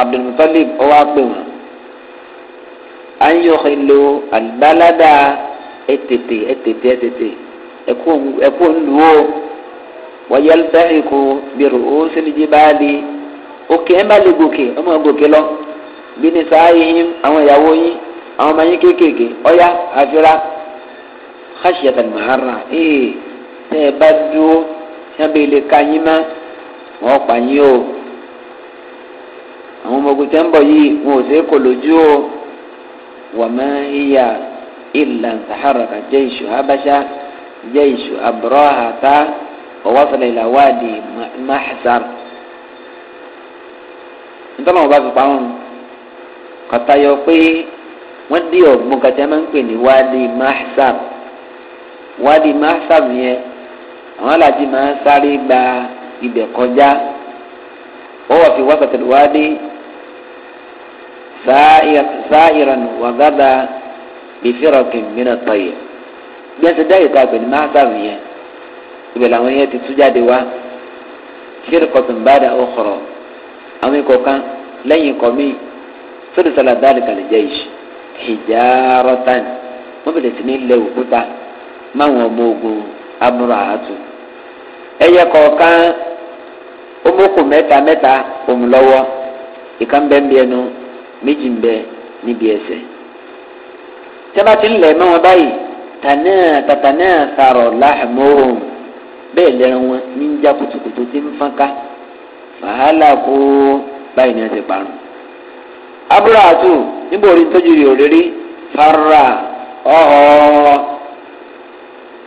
abdulmutalib ọwọ́ àpè wọn anyɔhelo alibalada ɛtete ɛtete ɛtete ɛkó nluwo wayalibahiko biro oselijibaali òkè ẹ má lè gòkè ẹ má gòkè lọ bí ní sáà yín àwọn ìyàwó yín àwọn ọmọ yín kéékèèké ọyá àfira kásìyàtà màhárà ee tẹ ẹ bá dúró sábẹ ilé ká má wọn pa yín o àwọn ọmọ ogun tẹ ń bọ yìí wọn ò sí kò lójú o wàmà ìyá ìlà sàhárọ̀kà jẹ́ ìṣù habasha jẹ́ ìṣù abúrọ́hàtà ọ̀wọ́sọ̀lẹ̀ ìlàwádì mahzar. nítorí wọn bá fi pamọ́ kọtayọ pé wọ́n dé ọ̀gbun kàtí a máa ń pè ní wádì mahzar wádì mahzar yẹn àwọn alájí máa ń sáré gba ibẹ̀ kọjá wọ́n fi wákàtí wádì mahzar. sáìran wàgádà bìfírọ̀kì mìíràn tọ̀yẹ̀ bí a ti dá ìta pẹ̀lú máàtàrù yẹn ibẹ̀ làwọn yẹn ti tú jáde wá fírkọ̀tún bàdà ọ̀kọ̀rọ̀ àwọn ikọ̀ kan lẹ́yìn ikọ̀ míì sódì sọlá dáàlì kàlẹ̀ jẹ́ ìṣ hijarotan wọ́n méjì ń bẹ níbi ẹsẹ̀ tẹ́bà ti ń lẹ̀ mọ́ wọn báyìí tànà tàtànà sàrọ̀ láàmúhùn bẹ́ẹ̀ lẹ́rìn wọn ní kùtùkùtù tí ń fọ́nká wàhálà kó báyìí ni ti parun. abúlé níbo orin tójú fara ọ̀họ́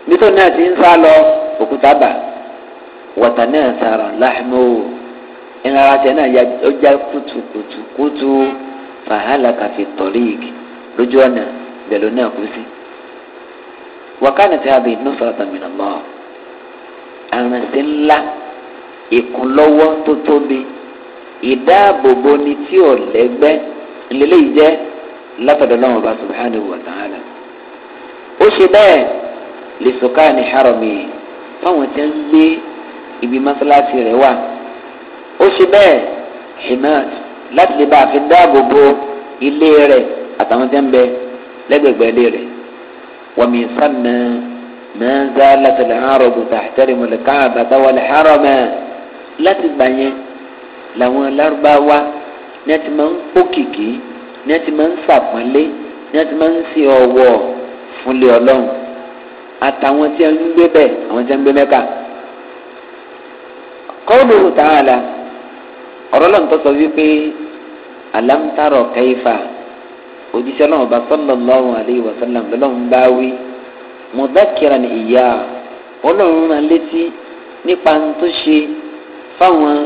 nítorí náà ti ń sá lọ òkúta bà wọ̀tànà sàrọ̀ láàmúhùn ìnara náà fàhálà kàfi tọ̀ríìkì lójú ọ̀nà bẹ̀lú náà kú sí. wàkàna tí a bẹ inú sọ̀rọ̀tà mìíràn lọ. àrùnsí ńlá ìkúnlọ́wọ́ tó tóbi ìdáàbòbò ni tí ò lẹ́gbẹ́ ìlélẹ́ yìí jẹ́ látọ̀dọ̀ lọ́wọ́ bá subhanahu wa ta'ala. ó ṣe bẹ́ẹ̀ lè sọ̀ká ní haromi fáwọn tí ń gbé ibi mọ́sálásí rẹ̀ wà. ó ṣe bẹ́ẹ̀ himat láti lè bá a fi dáàbò bo ilé rẹ̀ àtàwọn tẹ́ ń bẹ lẹ́gbẹ̀gbẹ́ ilé rẹ̀ wàmí sànà máa ń zá láti lè hàn rọ̀bù tàhtẹ́rì mọ̀lẹ́ káàbà táwọn lè hàn rọ̀mẹ́ láti gbà yẹn làwọn lárúbáwá ní ẹtì máa ń pókìkí ní ẹtì máa ń sàpọ́nlé ní ẹtì máa ń sin ọ̀wọ́ fúnlé ọlọ́run àtàwọn tí a ń gbé bẹ́ẹ̀ àwọn tí a ń gbé mẹ́ka. kọ́ọ̀lù tààlà ọ̀rọ̀ lọ́n tó sọ wípé alámtárọ̀ kẹfà òjíṣẹ́ náà bá sọ́nà lọ́rùn àdéhùn wàsálàm lọ́lọ́run bá wí mọ̀dákìrà ní ìyá ọlọ́run rán létí nípa ń tó ṣe fáwọn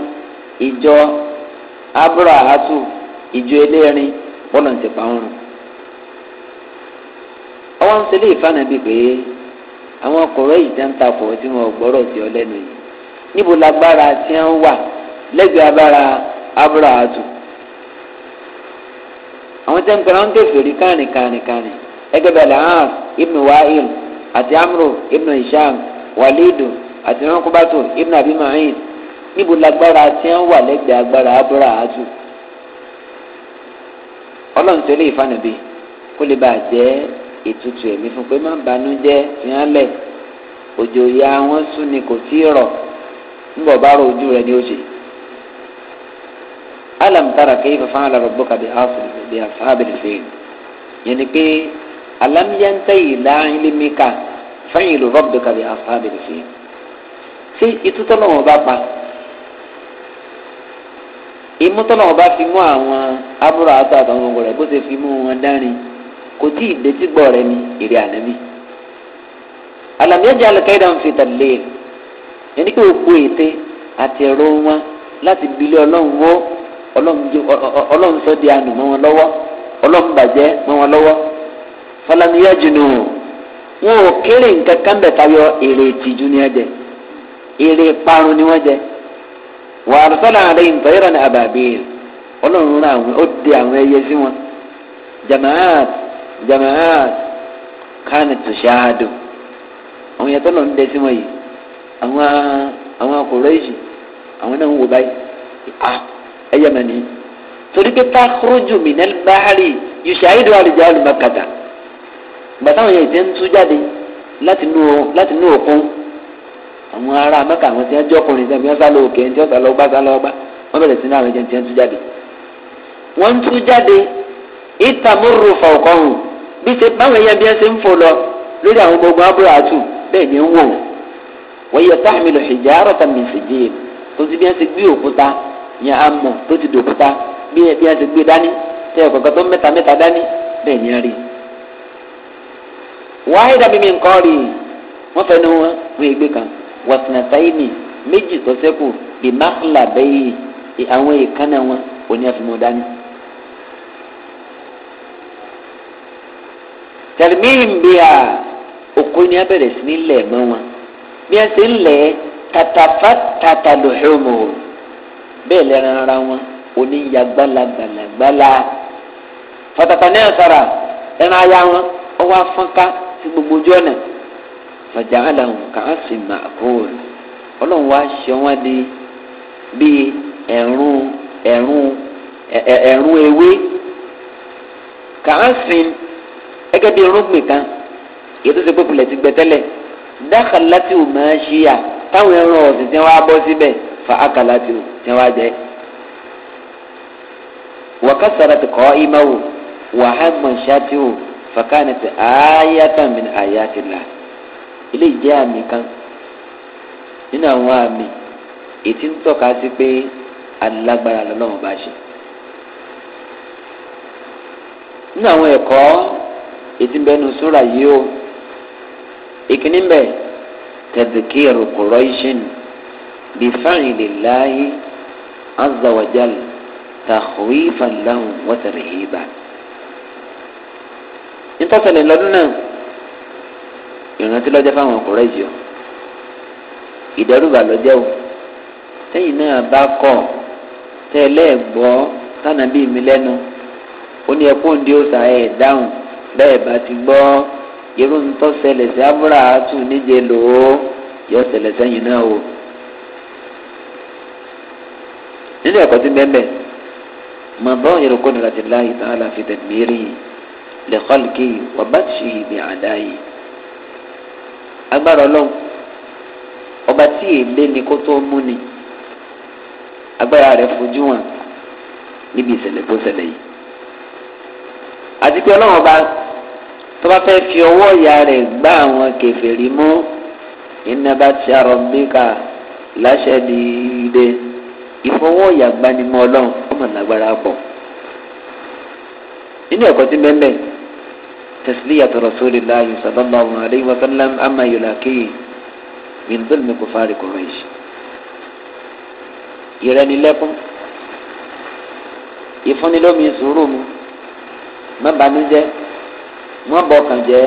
ìjọ abúrahàtù ìjọ eléyẹrin bọ́lá ń tẹ̀pá wọn. ọwọ́n ń sẹ́lẹ̀ ìfànàbí pé àwọn ọkùnrin ìjà ń takọ̀ tí wọn gbọ́rọ̀ sí ọ lẹ́nu yìí níbo lágbára tí wọ́n wà. lẹ́gbẹ̀ẹ́ abára abúràtù àwọn tẹ́ ń na àwọn kẹfìrí kánì kánì kánì ẹgbẹ́ bẹ̀rẹ̀ hàn ibnu wa'il àti amro ibnu isham walidu àti rankubatu ibnu abimahin níbo lágbára tí ń wà lẹ́gbẹ̀ẹ́ agbára abúràtù ọlọ́ntẹ́lẹ̀ ìfànàbí kó lè bàa jẹ́ ètùtù ẹ̀mí fún pé má banú jẹ́ òjò ya wọn ni kò alam tara kayfa fa'ala rabbuka bi asl bi ashabil fil yani pé alam yantahi la ilmika fa'ilu rabbuka bi ashabil fil ṣé ìtútọ́lọ́ wọn bá pa ìmútọ́lọ́ wọn bá fi mú àwọn abúrò àtọ́ àtàwọn ọmọ rẹ̀ bó ṣe fi mú wọn dárin kò tí ì detí gbọ́ rẹ ní èrè ànábì alam yaj'al kaydan fi tadlil yani pé òkú ète àti ẹ̀rọ wọn láti bilé ọlọ́run wọ́. ọlọ́run sọ di àánú mọ́ wọn lọ́wọ́ ọlọ́run bàjẹ́ mọ́ wọn lọ́wọ́ fọlámiyá jùnú wọn ò kéré nǹkan kan bẹ̀ tayọ èrè ìtìjú ni wọ́n jẹ èrè ìparun ni wọ́n jẹ wà á sọ́nà àlẹ́ ìtọ́yọ̀rọ̀ ní àbàbíyè ọlọ́run rán àwọn ó di àwọn ẹyẹ sí wọn jamaat jamaat kánì tùṣáàdù àwọn yẹn tọ́lọ̀ ń dẹ sí wọn yìí àwọn àwọn kòrẹ́ẹ̀sì àwọn náà ń wò báyìí ah, ẹ̀yẹ mẹ́ni torí pé takurujú minel bahari yusa ayidu alijan alimakata gbàtàwọn yẹn ti ń tú jáde láti nú òkun àwọn ará amẹ́ka àwọn tí wọ́n jẹ́ ọkùnrin tí wọ́n sálọ òkè tí wọ́n sálọ ọgbà sálọ ọgbà wọ́n bẹ̀rẹ̀ sí ní àwọn ẹ̀jẹ̀ tí wọ́n tú jáde. wọ́n ń tú jáde ìtàmúrò fọ̀ọ̀kọ́rùn bí ṣe báwọn ẹ̀yẹ bí ẹ ṣe ń fò lọ lórí àwọn gbogbo abúlé àtù bẹ́ẹ̀ ni ń wò wọ́n yẹ táàmìlò ṣèjì àárọ̀ tàmì ṣèjì yẹn á mọ̀ tó ti dòkúta bí ẹ bí ẹ ti gbé dání tẹ ẹ kọ̀ọ̀kan tó mẹ́ta mẹ́ta dání bẹ́ẹ̀ ni a rí. wáyé dàbí mi nǹkan rí wọ́n fẹ́ nu wọn wọ́n ègbé kan wàtúnàtàyìmì méjì tó sẹ́kù ìmáàlà bẹ́yì àwọn èèkánná wọn òní àfimọ́ dání. tẹ̀lẹ́mìí bí a òkú ni a bẹ̀rẹ̀ sí ní lẹ̀ mọ́ wọn bí a ti ń lẹ̀ tàtàfà tàtàlùhùmù bẹ́ẹ̀ lẹ́ran ara wọn oníyà gbalagbalagbala fàtàkà náà sara ẹran aya wọn ọwọ́ afọ́nká sí gbogbo ojú ọ̀nà fàjà àlàhùn kàá sì mà kóòl ọlọ́run wá ṣe wọ́n di bíi ẹ̀rún ẹ̀rún ẹ̀rún ewé kàá sì gẹ́gẹ́ bíi irúgbìn kan èyí tó ṣe pé pulẹ̀ ti gbẹ tẹ́lẹ̀ dáhà láti ò máa ṣe à táwọn ẹran ọ̀sìn tí wọ́n á bọ́ síbẹ̀ fa ákà láti ò tí wọ́n á jẹ. wàká sara ti kọ́ imáwò wàhámà ṣáàtìwò fàkànnì ti àáyátà mi àyàtìlá ilé ìjẹ́ àmì kan nínú àwọn àmì ètí ń tọ́ka sí pé alágbára lọ́lọ́run bá ṣe. nínú àwọn ẹ̀kọ́ ètí ń bẹnu sóra yìí o ìkíní ń bẹ̀ tẹ̀síkì rẹ̀ ni bí fáìlì láàyè azza wa jal takhwifan lahum wa tarhiban. nítọ́sẹ̀lẹ̀ lọ́dún náà ìrántí lọ́jọ́ fáwọn ọkùnrin jù ìdẹ́rùbà lọ́jọ́ o tẹ́yìn náà bá kọ̀ tẹ́lẹ̀ gbọ́ tánàbí mi lẹ́nu ó ní ẹkún òǹdí òsà ẹ̀ dáhùn bẹ́ẹ̀ bá ti gbọ́ irú ń tọ́sẹ̀lẹ̀ sí abúlé àtúndíje lòó yọ sẹlẹ̀ sẹ́yìn náà o. nínú ẹ̀kọ́ ti bẹ́ẹ̀ mọ̀ bá òyìnbó kọ́ni láti láàyè tá a là fi tẹ̀gbẹ́rì lẹ́kọ́lùkì wà bá ti ṣe ìgbìn àdá yìí. agbára ọlọ́run ọba tí èlé ni kó tó mú ni agbára rẹ̀ fojú wọn níbi ìṣẹ̀lẹ̀ tó ṣẹlẹ̀ yìí. àti pé ọlọ́run ọba tó bá fẹ́ fi ọwọ́ ìyá rẹ̀ gbá àwọn kẹfẹ́rì mú iná bá ti àrọ̀ mbíkà láṣẹ́ dìde ìfọwọ́ ìyàgbanimọ̀ ọlọ́run ọmọ lágbára bọ̀ nínú ẹ̀kọ́ tí bẹ́ẹ̀ bẹ́ẹ̀ tẹ̀sílíyà tọrọ sórí láàyè sàlọ́mọ àwọn àdéhùn wasallam ama yòlá kéye mìíràn kò fárí kò rẹ̀ ṣe. ìrẹ́nilẹ́kún ìfúnnilómi sùúrù mu má banújẹ́ wọ́n bọ̀ kàn jẹ́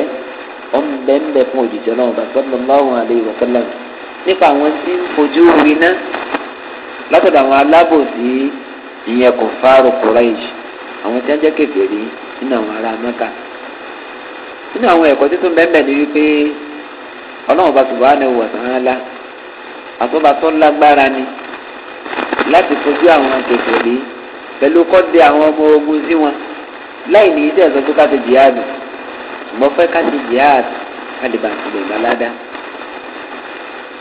ọ̀nbẹ̀ńbẹ̀ fún òjijì ọlọ́run bàtọ́ lọ́wọ́ àdéhùn wasallam nípa àwọn tí ń fojú rí náà látọ̀dọ̀ àwọn alábòsí ìyẹn kò fárò kọ́láìsì àwọn tí wọ́n jẹ́ kékeré nínú àwọn ará mẹ́ka nínú àwọn ẹ̀kọ́ títún bẹ́ẹ̀ ni wípé ọlọ́run bá tùbọ̀ á ní wọ̀sán ńlá àtọ́bàtọ́ lágbára ni láti fojú àwọn kékeré pẹ̀lú kọ́dé àwọn ọmọ ogun sí wọn láì ní ìdí ẹ̀sọ́ tó ká ti jihad mo fẹ́ ká ti jihad ká lè bá ti lè gbà ládàá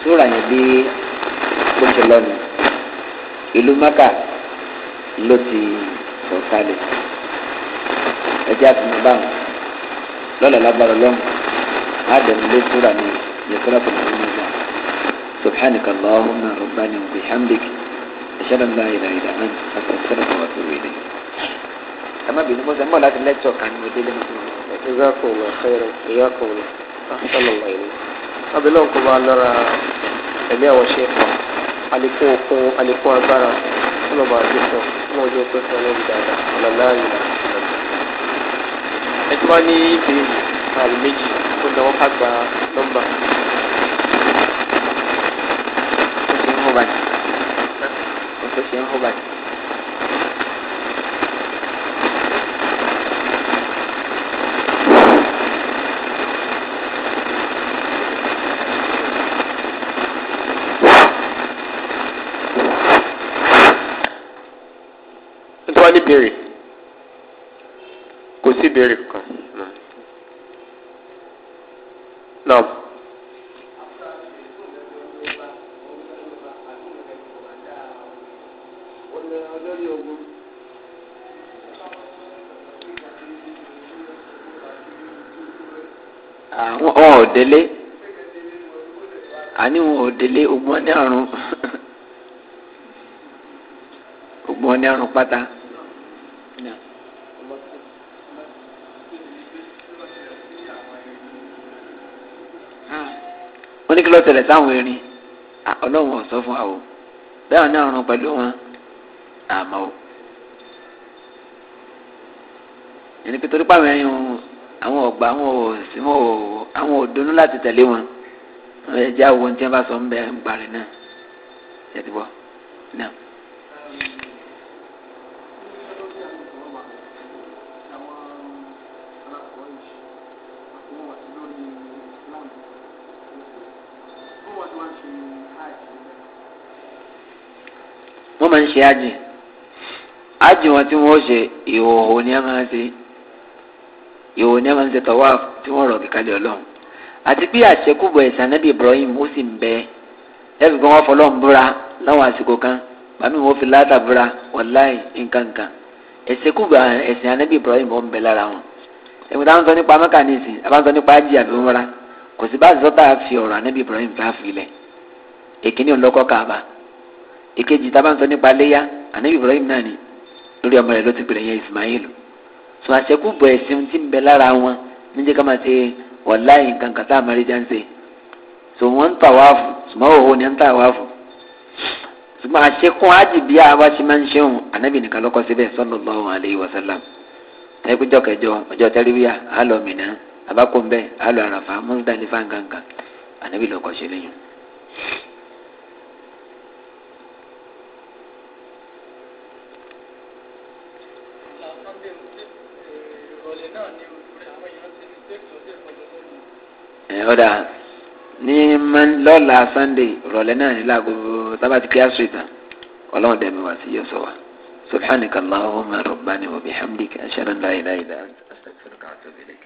sóra yẹn bí bó ṣe lọ́nu ìlú mẹ́kà ló ti sọ̀kalẹ̀ ẹjẹ́ àtúnú báwọn lọ́lọ́ lágbára lọ́mù ádẹ́nu lé sóra ní yẹtọ́lá tó lọ́wọ́ nígbà subhanaka allahumma rabbani wa bihamdik ashhadu an la ilaha illa anta astaghfiruka wa atubu ilayk ama bi mo se mo lati lecture kan mo dele mo jazakallahu khairan iyakum sallallahu alaihi wa sallam abilo ko ba lara ẹ̀mí àwọn ṣe é fún wa àlékún okun àlékún agbára ọlọ́ba àdúgbò fún ọjọ́ pẹ́ fún ọlọ́bi dáadáa ọ̀làlá ìlà ẹ tí wọ́n ní ìbéèrè àrùn méjì ó lọ́wọ́ ká gba nọ́mbà. ó ṣe ń hó báyìí ó ń hó báyìí. ní béèrè kò sí béèrè kan. Naam. àwọn ah, wọn ò délé àní wọn ò délé ogun ọdẹ àrùn ogun ọdẹ àrùn pátá. lọ tẹ̀lẹ̀ sáwọn erin ọlọ́run ọ̀sọ́ fún wa o bẹ́ẹ̀ náà rún pẹ̀lú wọn àmọ́ o. ẹni pé torí pàmò ẹyin àwọn ọgbà àwọn òsì wọn ò àwọn òdonú láti tẹ̀lé wọn ẹ jẹ́ àwọn ohun tí wọ́n bá sọ ń bẹ ń gbàrin náà ṣe ti bọ́ náà. ṣe ájì ájì wọn tí wọ́n ṣe ìhòòhò ní ẹ̀ma ṣe ìhòòhò ní ẹ̀ma ṣe tọ́wọ́ tí wọ́n rọ̀ kíkalẹ̀ ọlọ́run àti bí àṣekúbọ̀ ẹ̀sán nábì ibrahim ó sì ń bẹ ẹ̀fì kan wọ́n fọlọ́ ń búra láwọn àsìkò kan bàmí wọn fi látà búra wàláì nkankan ẹ̀ṣekúbọ̀ ẹ̀sìn anábì ibrahim ó ń bẹ lára wọn ẹ̀wọ̀n táwọn sọ nípa mẹ́kà ní ìsìn àbá sọ nípa ájì àbí wọn rà kò sí bá àṣìṣọ́ tá a fi ọ̀rọ̀ anábì ibrahim tá a fi lẹ̀ èkíní ọ̀lọ́kọ̀ kàbá ìkejì tá a bá ń sọ nípa léyà ànábì ibrahim náà ni lórí ọmọ rẹ ló ti pèrè yẹn ismail sọ àṣẹkù bọ̀ ẹ̀sìn tí ń bẹ lára wọn níjẹ́ ká máa ṣe wàláì nǹkan kan ń ṣe sọ wọ́n ń tà wá fún sùmọ́ òhò ni ń tà wá fún sùmọ́ àṣekún ájì bí àwa ṣe máa ń ṣeun ànábì nìkan lọ́kọ́ síbẹ̀ sallallahu alayhi wa sallam ẹgbẹ́jọ́ kẹjọ ọjọ́ tẹ́lifíà àlọ́ mìíràn abakunbẹ àlọ́ àràfà mọ́sídàlífà ọ̀dà ní lọ́la sunday ìrọ̀lẹ́ náà ní láago sábàtì kíá street ọlọ́run dẹ̀mí wá sí yẹsọ wa subhanaka allahumma rabbani wa bihamdika ashhadu an la ilaha illa anta astaghfiruka wa atubu ilayk.